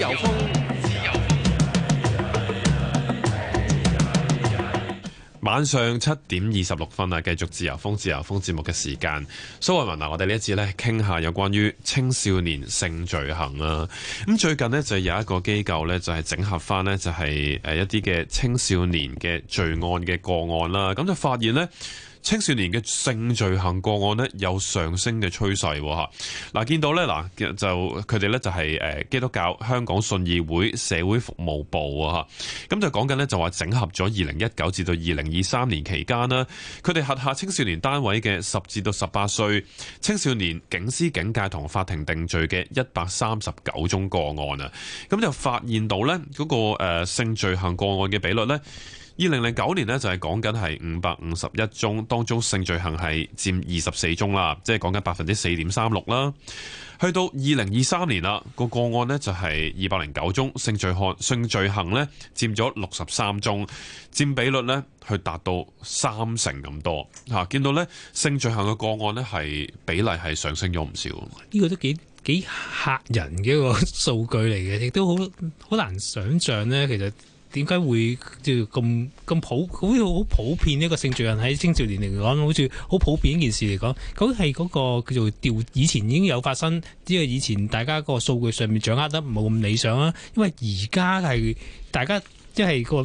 自由風，自由風，自由風。晚上七點二十六分啊，繼續自由風，自由風節目嘅時間。蘇慧文，啊，嗱，我哋呢一次咧，傾下有關於青少年性罪行啊。咁最近咧，就有一個機構咧，就係整合翻咧，就係誒一啲嘅青少年嘅罪案嘅個案啦。咁就發現咧。青少年嘅性罪行個案呢，有上升嘅趨勢喎。嗱，見到呢，嗱就佢哋呢，就係基督教香港信義會社會服務部啊，咁就講緊呢，就話整合咗二零一九至到二零二三年期間啦，佢哋轄下青少年單位嘅十至到十八歲青少年警司警戒同法庭定罪嘅一百三十九宗個案啊，咁就發現到呢，嗰個性罪行個案嘅比率呢。二零零九年呢，就係講緊係五百五十一宗，當中性罪行係佔二十四宗啦，即係講緊百分之四點三六啦。去到二零二三年啦，個個案呢就係二百零九宗性罪行，性罪行呢佔咗六十三宗，佔比率呢去達到三成咁多吓。見到呢，性罪行嘅個案呢係比例係上升咗唔少。呢個都幾幾嚇人嘅一個數據嚟嘅，亦都好好難想象呢。其實。點解會即咁咁，普，好似好普遍，呢個性罪行喺青少年嚟講，好似好普遍一件事嚟講，咁係嗰個叫做調，以前已經有發生，即係以前大家個數據上面掌握得唔冇咁理想啦。因為而家係大家即係、就是、個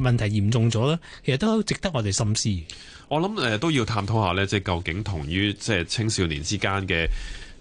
問題嚴重咗啦，其實都值得我哋深思。我諗誒、呃、都要探討一下咧，即係究竟同於即係青少年之間嘅。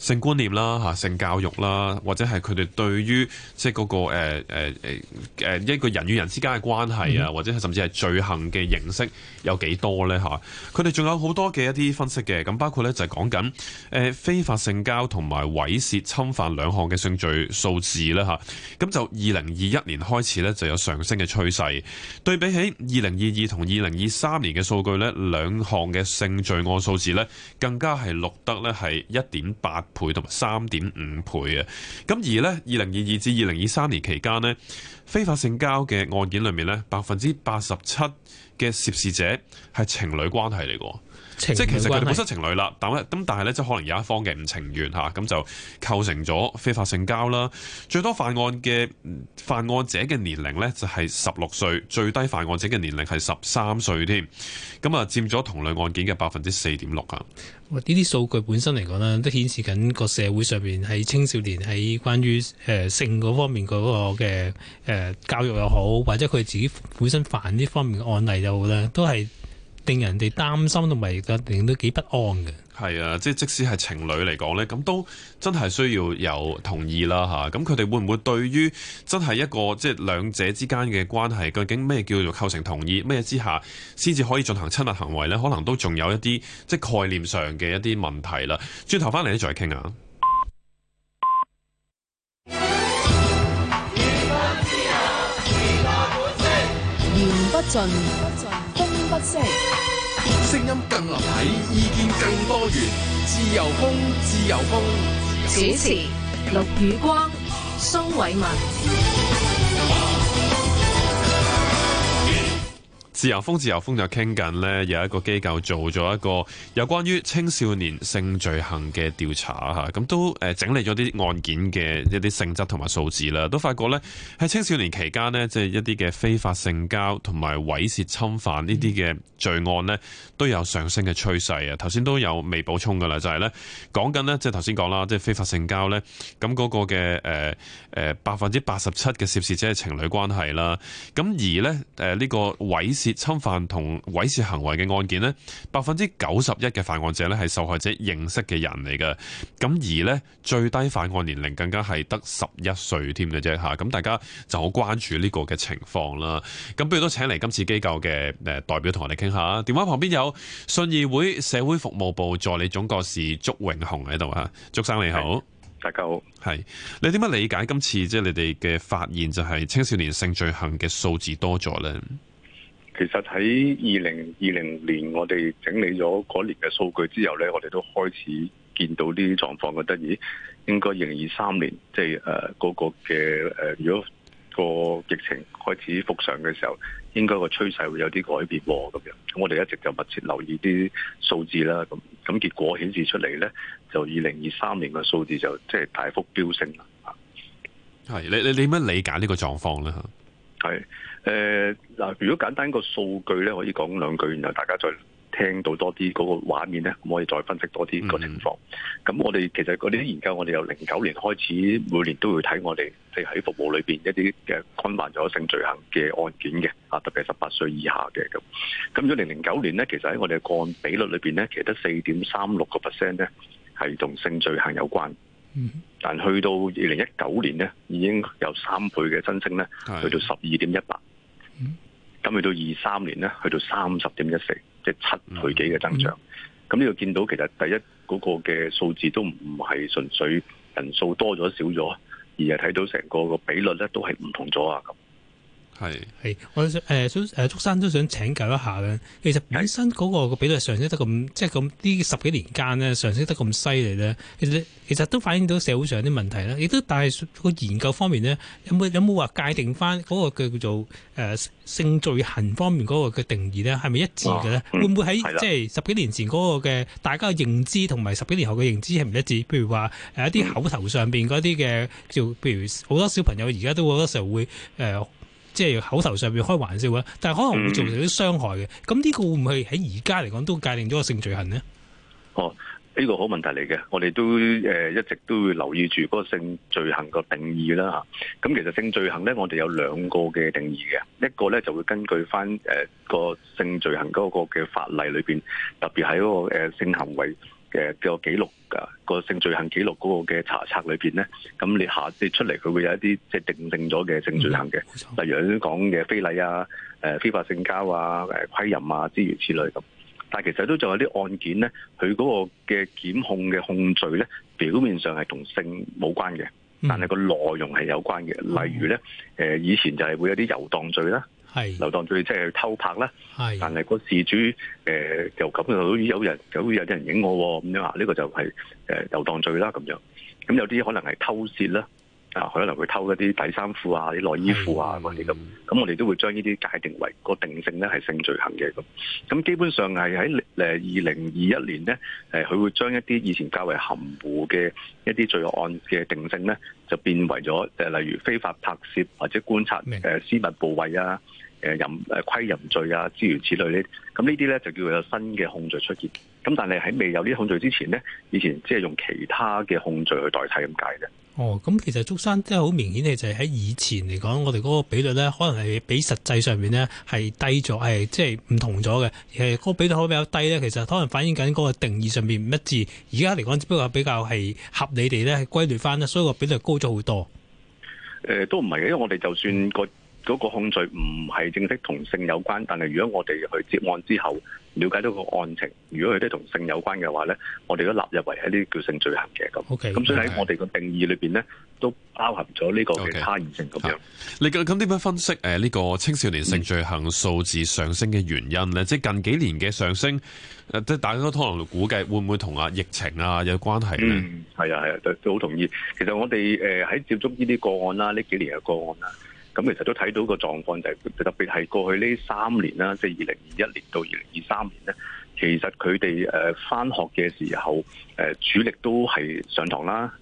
性觀念啦嚇，性教育啦，或者係佢哋對於即係嗰個誒誒誒一個人與人之間嘅關係啊，或者係甚至係罪行嘅形式有幾多咧嚇？佢哋仲有好多嘅一啲分析嘅，咁包括咧就係講緊誒非法性交同埋猥褻侵犯兩項嘅性罪數字啦嚇。咁、啊、就二零二一年開始咧就有上升嘅趨勢，對比起二零二二同二零二三年嘅數據呢，兩項嘅性罪案數字呢，更加係錄得呢係一點八倍同埋三點五倍啊！咁而呢，二零二二至二零二三年期間呢，非法性交嘅案件裏面呢，百分之八十七嘅涉事者係情侶關係嚟嘅，情侶？即係其實佢哋本身情侶啦，但係咁但係呢，即係可能有一方嘅唔情願吓咁、啊、就構成咗非法性交啦。最多犯案嘅犯案者嘅年齡呢，就係十六歲，最低犯案者嘅年齡係十三歲添，咁啊佔咗同類案件嘅百分之四點六啊！呢啲數據本身嚟講呢，都顯示緊個社會上面喺青少年喺關於誒、呃、性嗰方面嗰、嗰個嘅、呃、教育又好，或者佢自己本身犯呢方面嘅案例又好呢，都係令人哋擔心同埋令都幾不安嘅。係啊，即係即使係情侶嚟講呢，咁都真係需要有同意啦嚇。咁佢哋會唔會對於真係一個即係兩者之間嘅關係，究竟咩叫做構成同意，咩之下先至可以進行親密行為呢？可能都仲有一啲即係概念上嘅一啲問題啦。轉頭翻嚟咧，再傾啊。聲音更立體，意見更多元，自由風，自由風。主持：陸雨光、蘇偉文。自由風，自由風就傾緊呢。有一個機構做咗一個有關於青少年性罪行嘅調查吓，咁都整理咗啲案件嘅一啲性質同埋數字啦，都發覺呢，喺青少年期間呢，即係一啲嘅非法性交同埋猥褻侵犯呢啲嘅罪案呢，都有上升嘅趨勢啊。頭先都有未補充噶啦，就係呢講緊呢，即係頭先講啦，即係非法性交呢。咁嗰個嘅百分之八十七嘅涉事者係情侶關係啦，咁而呢，呢個猥褻侵犯同猥褻行為嘅案件呢，百分之九十一嘅犯案者呢，係受害者認識嘅人嚟嘅。咁而呢，最低犯案年齡更加係得十一歲添嘅啫吓，咁大家就好關注呢個嘅情況啦。咁不如都請嚟今次機構嘅誒代表同我哋傾下。電話旁邊有信義會社會服務部助理總幹事竺永洪喺度啊，竺生你好，大家好，係你點樣理解今次即係你哋嘅發現就係青少年性罪行嘅數字多咗呢？其實喺二零二零年，我哋整理咗嗰年嘅數據之後呢，我哋都開始見到啲狀況，覺得咦。應該二零二三年，即係嗰、呃那個嘅誒、呃，如果個疫情開始復常嘅時候，應該個趨勢會有啲改變咁樣。咁我哋一直就密切留意啲數字啦。咁咁結果顯示出嚟呢，就二零二三年嘅數字就即係大幅飆升啦。係，你你你點樣理解呢個狀況呢？係，誒嗱、呃，如果簡單個數據咧，可以講兩句，然後大家再聽到多啲嗰個畫面咧，咁可以再分析多啲個情況。咁、嗯嗯、我哋其實嗰啲研究，我哋由零九年開始，每年都會睇我哋即係喺服務裏邊一啲嘅干犯咗性罪行嘅案件嘅，啊，特別係十八歲以下嘅咁。咁二零零九年咧，其實喺我哋個案比率裏邊咧，其實得四點三六個 percent 咧係同性罪行有關。嗯、但去到二零一九年呢，已經有三倍嘅增升呢的去到十二點一八，咁去到二三年呢，去到三十點一四，即係七倍幾嘅增長。咁呢度見到其實第一嗰個嘅數字都唔係純粹人數多咗少咗，而係睇到成個個比率呢都係唔同咗啊係我誒想誒竺生都想請教一下咧。其實本身嗰個比例上升得咁，即係咁啲十幾年間咧上升得咁犀利咧，其實其實都反映到社會上啲問題呢，亦都，但係個研究方面咧，有冇有冇話界定翻嗰個叫做誒性罪行方面嗰個嘅定義咧？係咪一致嘅咧？嗯、會唔會喺的即係十幾年前嗰個嘅大家嘅認知同埋十幾年後嘅認知係唔一致？譬如話一啲口頭上面嗰啲嘅，叫譬、嗯、如好多小朋友而家都好多時候會、呃即係口頭上面開玩笑啦，但係可能會造成啲傷害嘅。咁呢、嗯、個會唔會喺而家嚟講都界定咗個性罪行呢？哦，呢、這個好問題嚟嘅。我哋都誒、呃、一直都會留意住嗰個性罪行個定義啦。吓、啊，咁其實性罪行咧，我哋有兩個嘅定義嘅。一個咧就會根據翻誒個性罪行嗰個嘅法例裏邊，特別喺嗰個誒、呃、性行為。嘅個記錄，噶個性罪行記錄嗰個嘅查冊裏邊咧，咁你下次出嚟佢會有一啲即係定性咗嘅性罪行嘅，例如講嘅非禮啊、誒非法性交啊、誒窺淫啊之類之類咁。但係其實都仲有啲案件咧，佢嗰個嘅檢控嘅控罪咧，表面上係同性冇關嘅，但係個內容係有關嘅，例如咧誒以前就係會有啲遊蕩罪啦。係流蕩罪即係，就是，偷拍啦，的但係個事主誒、呃、就咁就好似有人，好似有啲人影我咁樣，這個就是呃，樣啊，呢個就係流蕩罪啦咁樣。咁有啲可能係偷竊啦，啊可能會偷一啲底衫褲啊、啲內衣褲啊咁的樣咁。咁我哋都會將呢啲界定為，那個定性咧係性罪行嘅咁。咁基本上係喺誒二零二一年咧，佢，呃、會將一啲以前較為含糊嘅一啲罪案嘅定性咧，就變為咗例如非法拍攝或者觀察誒白、呃、私密部位啊。誒淫誒窺淫罪啊，諸如此類，之類呢？咁呢啲咧就叫有新嘅控罪出現。咁但係喺未有呢啲控罪之前呢，以前即係用其他嘅控罪去代替咁解嘅。哦，咁、嗯、其實竺生都係好明顯嘅，就係喺以前嚟講，我哋嗰個比率咧，可能係比實際上面咧係低咗，係即係唔同咗嘅。誒嗰個比率可能比較低咧，其實可能反映緊嗰個定義上面唔一致。而家嚟講，只不過比較係合理哋咧，係歸類翻啦，所以個比率高咗好多。誒、呃、都唔係嘅，因為我哋就算個。嗰個控罪唔係正式同性有關，但係如果我哋去接案之後，了解到個案情，如果佢都同性有關嘅話咧，我哋都納入為一啲叫性罪行嘅咁。O K，咁所以喺我哋個定義裏面咧，okay，都包含咗呢個嘅差異性咁樣 okay。你究咁點樣分析呢、呃這個青少年性罪行數字上升嘅原因咧？嗯、即近幾年嘅上升，即、呃、大家都可能估計會唔會同啊疫情啊有關係咧？係、嗯、啊，係啊，都好同意。其實我哋喺、呃、接觸呢啲個案啦，呢幾年嘅個案咁其實都睇到個狀況，就係特別係過去呢三年啦，即係二零二一年到二零二三年咧，其實佢哋誒返學嘅時候，誒主力都係上堂啦，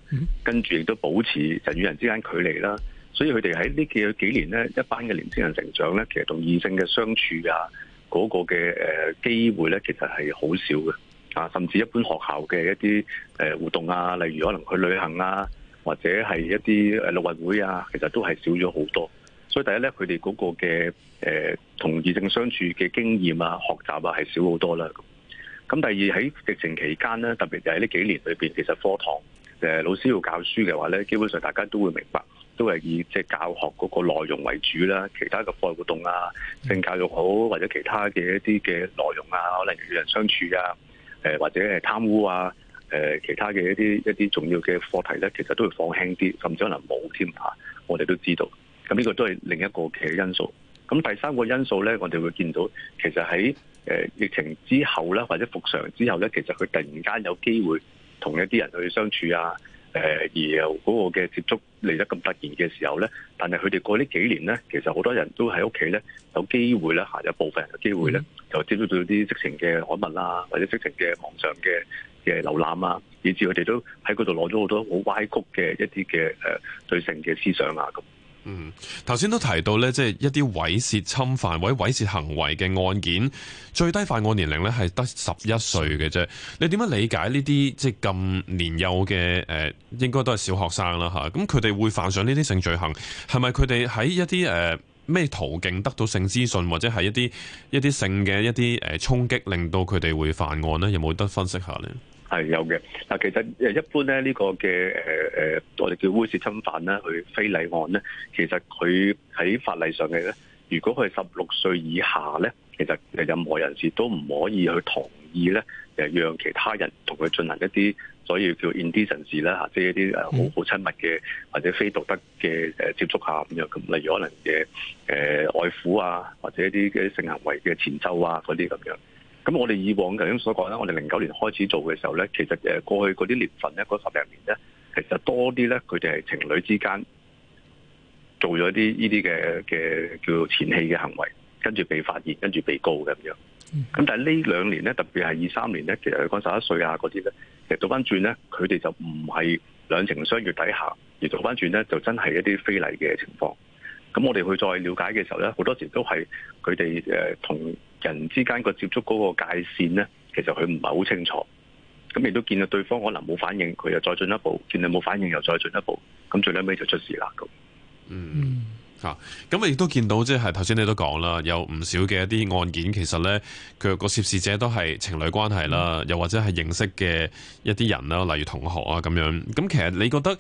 跟住亦都保持人與人之間距離啦。所以佢哋喺呢幾幾年咧，一班嘅年輕人成長咧，其實同異性嘅相處啊，嗰個嘅誒機會咧，其實係好少嘅。啊，甚至一般學校嘅一啲誒活動啊，例如可能去旅行啊，或者係一啲誒陸運會啊，其實都係少咗好多。所以第一咧，佢哋嗰個嘅誒同異性相處嘅經驗啊、學習啊，係少好多啦。咁第二喺疫情期間咧，特別就係呢幾年裏面，其實課堂、呃、老師要教書嘅話咧，基本上大家都會明白，都係以即係教學嗰個內容為主啦。其他嘅課外活動啊、性教育好或者其他嘅一啲嘅內容啊，可能與人相處啊、呃、或者係貪污啊、呃、其他嘅一啲一啲重要嘅課題咧，其實都會放輕啲，甚至可能冇添嚇。我哋都知道。咁呢個都係另一個嘅因素。咁第三個因素咧，我哋會見到其實喺疫情之後咧，或者復常之後咧，其實佢突然間有機會同一啲人去相處啊，而由嗰個嘅接觸嚟得咁突然嘅時候咧，但係佢哋過呢幾年咧，其實好多人都喺屋企咧有機會咧，嚇有部分人嘅機會咧，就接觸到啲色情嘅刊物啊，或者色情嘅網上嘅嘅瀏覽啊，以至佢哋都喺嗰度攞咗好多好歪曲嘅一啲嘅對性嘅思想啊咁。嗯，頭先都提到咧，即係一啲猥褻侵犯或者猥褻行為嘅案件，最低犯案年齡咧係得十一歲嘅啫。你點樣理解呢啲即係咁年幼嘅？誒，應該都係小學生啦，吓咁佢哋會犯上呢啲性罪行，係咪佢哋喺一啲誒咩途徑得到性資訊，或者係一啲一啲性嘅一啲誒衝擊，令到佢哋會犯案呢？有冇得分析下呢？係有嘅，嗱，其實誒一般咧呢個嘅誒誒，我哋叫猥褻侵犯啦，佢非禮案咧，其實佢喺法例上嘅咧，如果佢係十六歲以下咧，其實任何人士都唔可以去同意咧，誒讓其他人同佢進行一啲所以叫 indecency 啦，嚇，即係一啲誒好好親密嘅或者非道德嘅誒接觸下咁樣，咁例如可能嘅誒愛撫啊，或者一啲嘅性行為嘅前奏啊，嗰啲咁樣。咁我哋以往頭先所講咧，我哋零九年開始做嘅時候咧，其實誒過去嗰啲年份咧，嗰十零年咧，其實多啲咧，佢哋係情侶之間做咗啲呢啲嘅嘅叫前戲嘅行為，跟住被發現，跟住被告嘅咁樣。咁但係呢兩年咧，特別係二三年咧，其實佢講十一歲啊嗰啲咧，其實倒翻轉咧，佢哋就唔係兩情相悅底下，而倒翻轉咧，就真係一啲非禮嘅情況。咁我哋去再了解嘅時候咧，好多時都係佢哋誒同。人之間個接觸嗰個界線呢，其實佢唔係好清楚，咁亦都見到對方可能冇反應，佢又再進一步，見到冇反應又再進一步，咁最後尾就出事啦。咁，嗯。咁啊，亦都見到即係頭先你都講啦，有唔少嘅一啲案件，其實咧佢個涉事者都係情侶關係啦，嗯、又或者係認識嘅一啲人啦，例如同學啊咁樣。咁其實你覺得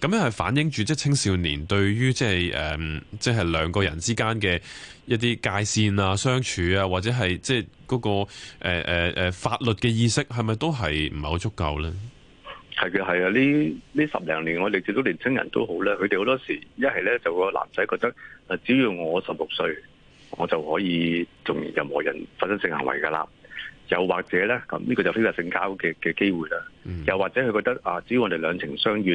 咁樣係反映住即係青少年對於即係誒、即係兩個人之間嘅一啲界線啊、相處啊，或者係即係嗰個誒誒、呃呃、法律嘅意識，係咪都係唔係好足夠咧？係嘅，係啊！呢呢十零年，我哋見到年青人都好咧，佢哋好多時一係咧就個男仔覺得，啊只要我十六歲，我就可以同任何人發生性行為噶啦。又或者咧，咁呢個就非法性交嘅嘅機會啦。嗯、又或者佢覺得啊，只要我哋兩情相悦，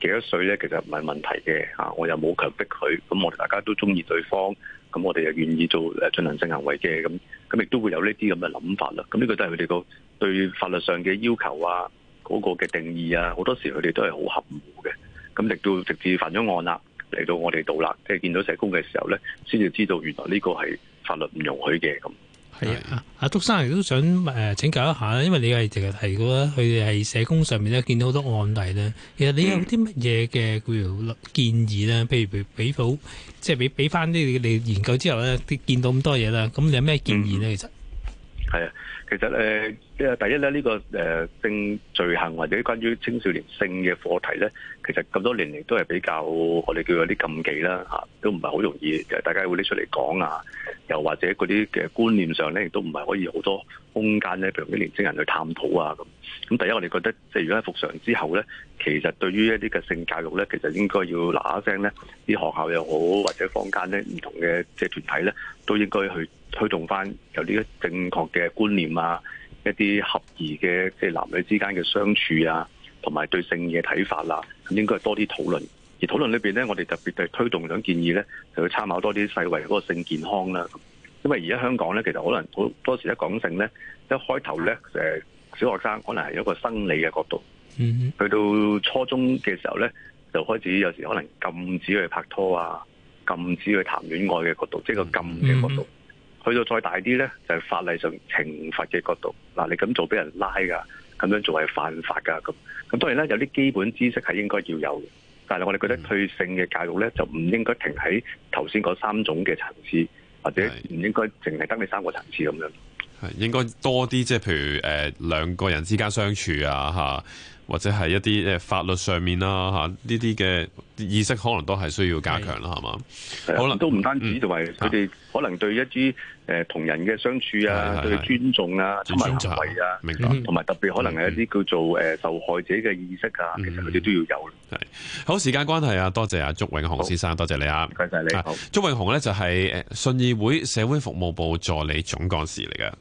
幾多歲咧，其實唔係問題嘅吓，我又冇強逼佢。咁我哋大家都中意對方，咁我哋又願意做誒進行性行為嘅，咁咁亦都會有呢啲咁嘅諗法啦。咁呢個都係佢哋個對法律上嘅要求啊。嗰個嘅定義啊，好多時佢哋都係好含糊嘅，咁亦都直至犯咗案啦，嚟到我哋度啦，即係見到社工嘅時候咧，先至知道原來呢個係法律唔容許嘅咁。係啊，阿竺生亦都想誒請教一下啦，因為你係成日提過啦，佢哋喺社工上面咧見到好多案例咧，其實你有啲乜嘢嘅建議咧？譬如俾到，即係俾俾翻啲你研究之後咧，見到咁多嘢啦，咁你有咩建議咧？其實係啊，其實誒。第一咧，呢個誒性罪行或者關於青少年性嘅課題咧，其實咁多年嚟都係比較我哋叫做啲禁忌啦，嚇都唔係好容易，就大家會拎出嚟講啊，又或者嗰啲嘅觀念上咧，亦都唔係可以有好多空間咧，譬如啲年青人去探討啊。咁，咁第一我哋覺得，即如果喺復常之後咧，其實對於一啲嘅性教育咧，其實應該要嗱嗱聲咧，啲學校又好或者坊間咧，唔同嘅即係團體咧，都應該去推動翻有啲正確嘅觀念啊。一啲合宜嘅即係男女之間嘅相處啊，同埋對性嘅睇法啦、啊，應該係多啲討論。而討論裏面咧，我哋特別對推動咗建議咧，就去參考多啲世衞嗰個性健康啦、啊。因為而家香港咧，其實可能好多時一講性咧，一開頭咧，誒小學生可能係一個生理嘅角度，去到初中嘅時候咧，就開始有時可能禁止去拍拖啊，禁止去談戀愛嘅角度，即係個禁嘅角度。Mm hmm. 去到再大啲呢，就係、是、法例上懲罰嘅角度。嗱，你咁做俾人拉噶，咁樣做係犯法噶。咁咁當然啦，有啲基本知識係應該要有嘅。但係我哋覺得退性嘅教育呢，就唔應該停喺頭先嗰三種嘅層次，或者唔應該淨係得你三個層次咁樣。係應該多啲，即係譬如誒、呃、兩個人之間相處啊，嚇。或者係一啲誒法律上面啦嚇，呢啲嘅意識可能都係需要加強啦，係嘛？可能都唔單止就係佢哋，可能對一啲誒同人嘅相處啊，對尊重啊，同埋行為啊，同埋特別可能係一啲叫做誒受害者嘅意識啊，其實佢哋都要有。係。好，時間關係啊，多謝阿竺永洪先生，多謝你啊，唔該晒你。好，竺永洪咧就係誒信義會社會服務部助理總幹事嚟嘅。